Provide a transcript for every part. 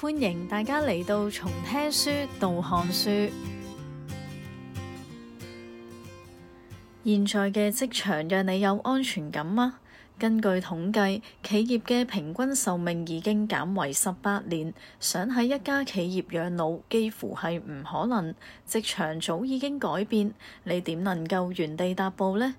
歡迎大家嚟到從聽書到看書。現在嘅職場讓你有安全感嗎？根據統計，企業嘅平均壽命已經減為十八年，想喺一家企業養老幾乎係唔可能。職場早已經改變，你點能夠原地踏步呢？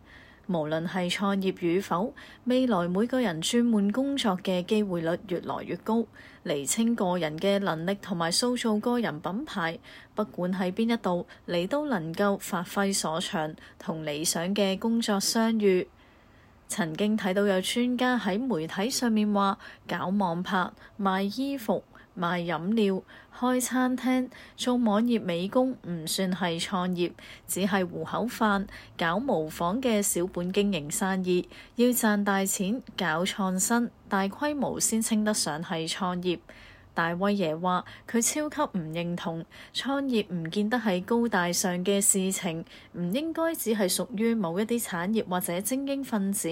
無論係創業與否，未來每個人轉換工作嘅機會率越來越高。釐清個人嘅能力同埋塑造個人品牌，不管喺邊一度，你都能夠發揮所長，同理想嘅工作相遇。曾經睇到有專家喺媒體上面話，搞網拍、賣衣服、賣飲料、開餐廳、做網頁美工唔算係創業，只係糊口飯。搞模仿嘅小本經營生意，要賺大錢，搞創新、大規模先稱得上係創業。大威爺話，佢超級唔認同創業唔見得係高大上嘅事情，唔應該只係屬於某一啲產業或者精英分子。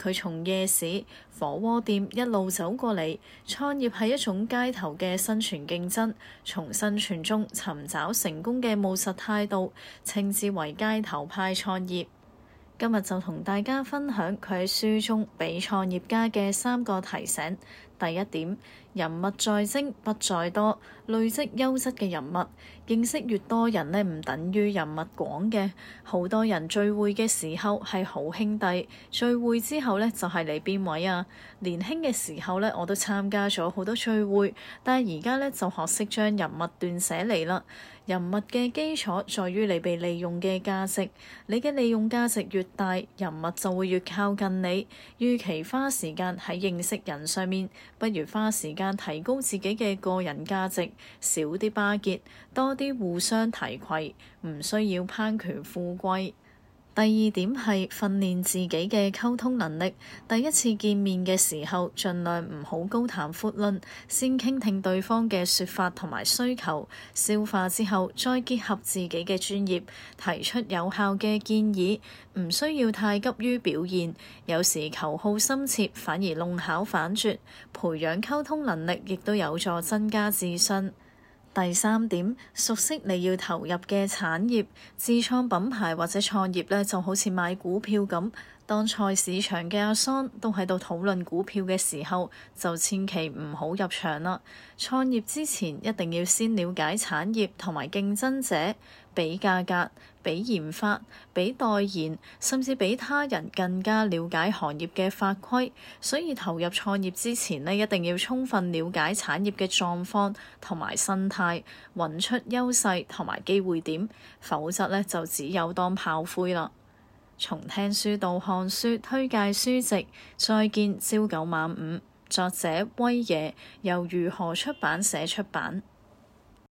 佢從夜市、火鍋店一路走過嚟，創業，係一種街頭嘅生存競爭，從生存中尋找成功嘅務實態度，稱之為街頭派創業。今日就同大家分享佢喺書中俾創業家嘅三個提醒。第一點，人物在精不在多，累積優質嘅人物，認識越多人呢唔等於人物廣嘅。好多人聚會嘅時候係好兄弟，聚會之後呢就係你邊位啊？年輕嘅時候呢我都參加咗好多聚會，但係而家呢就學識將人物斷捨離啦。人物嘅基礎在於你被利用嘅價值，你嘅利用價值越大，人物就會越靠近你。預期花時間喺認識人上面。不如花時間提高自己嘅個人價值，少啲巴結，多啲互相提攜，唔需要攀權富貴。第二點係訓練自己嘅溝通能力。第一次見面嘅時候，盡量唔好高談闊論，先傾聽對方嘅說法同埋需求，消化之後再結合自己嘅專業提出有效嘅建議。唔需要太急於表現，有時求好心切反而弄巧反拙。培養溝通能力亦都有助增加自信。第三點，熟悉你要投入嘅產業，自創品牌或者創業咧，就好似買股票咁。當菜市場嘅阿桑都喺度討論股票嘅時候，就千祈唔好入場啦。創業之前一定要先了解產業同埋競爭者，比價格、比研發、比代言，甚至比他人更加了解行業嘅法規。所以投入創業之前呢，一定要充分了解產業嘅狀況同埋生態，揾出優勢同埋機會點，否則呢就只有當炮灰啦。從聽書到看書推介書籍，再見朝九晚五。作者威爺，由如何出版社出版。